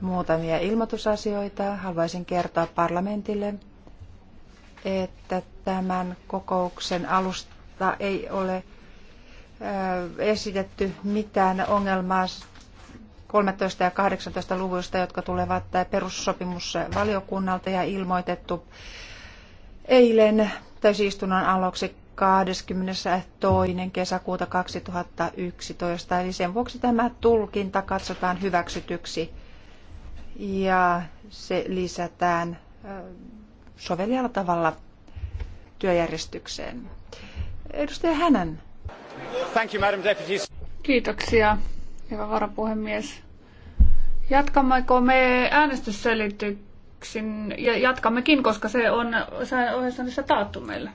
Muutamia ilmoitusasioita haluaisin kertoa parlamentille, että tämän kokouksen alusta ei ole äh, esitetty mitään ongelmaa 13 ja 18 luvuista, jotka tulevat perussopimusvaliokunnalta ja ilmoitettu eilen täysistunnon aluksi 22. kesäkuuta 2011. Eli sen vuoksi tämä tulkinta katsotaan hyväksytyksi ja se lisätään sovelialla tavalla työjärjestykseen. Edustaja Hänen. Thank you, Madam Deputy. Kiitoksia, hyvä varapuhemies. Jatkammeko me äänestysselityksin ja jatkammekin, koska se on ohjeessa taattu meille.